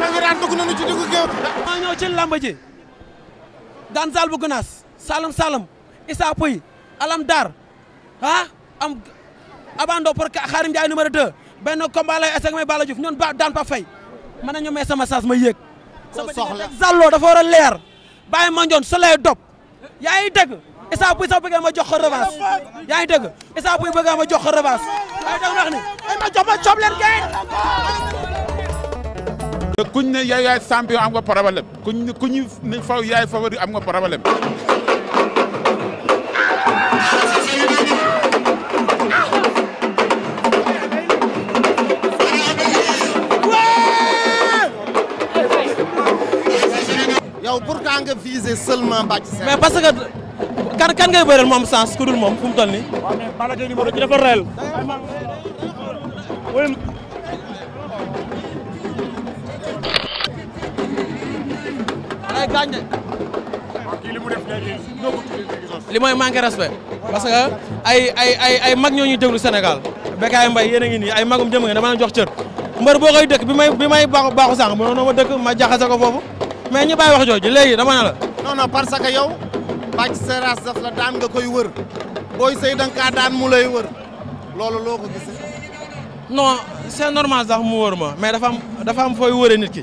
Belgrade dugg nañu ci diggu géew. maa ñëw ci làmb Gunaas Salam Salam Issa Pouy Alam Dar ah am abando pour Xaarim Ndiaye numéro 2 benn combat lay essayé may Bala Diouf ñun ba daan pa fay mën nañu may sama ma yéeg. sama soxla Zallo dafa war a leer ba ma njoon su lay dop yaa ngi dégg Issa Pouy sax ma jox ko revanche yaa ngi dégg Issa Pouy ma jox ko revanche yaa ngi dégg wax ni ay ma te kuñ ne yaay yaay champion am nga problème kuñ ne kuñ ne faw yaay favori am nga problème. yow pourquoi nga viser seulement Bathie Sène mais parce que kan kan ngay moom sens ku moom fu mu ay gaañ de. li mooy manqué respect parce que ay ay ay ay mag ñoo ñuy déglu Sénégal Bécaye Mbaye yéen a ngi nii ay magum jëm nga dama leen jox cër mbër boo koy dëkk bi may bi may baaxu baaxu sànq mënoon ma dëkk ma jaxase ko foofu mais ñu bàyyi wax jooju léegi dama ne la. non non parce que yow bàcc seeraas daf la daan nga koy wër booy sëy da nga kaa daan mu lay wër loolu loo ko gisee. non normal sax mu wër ma mais dafa am fooy wëree nit ki.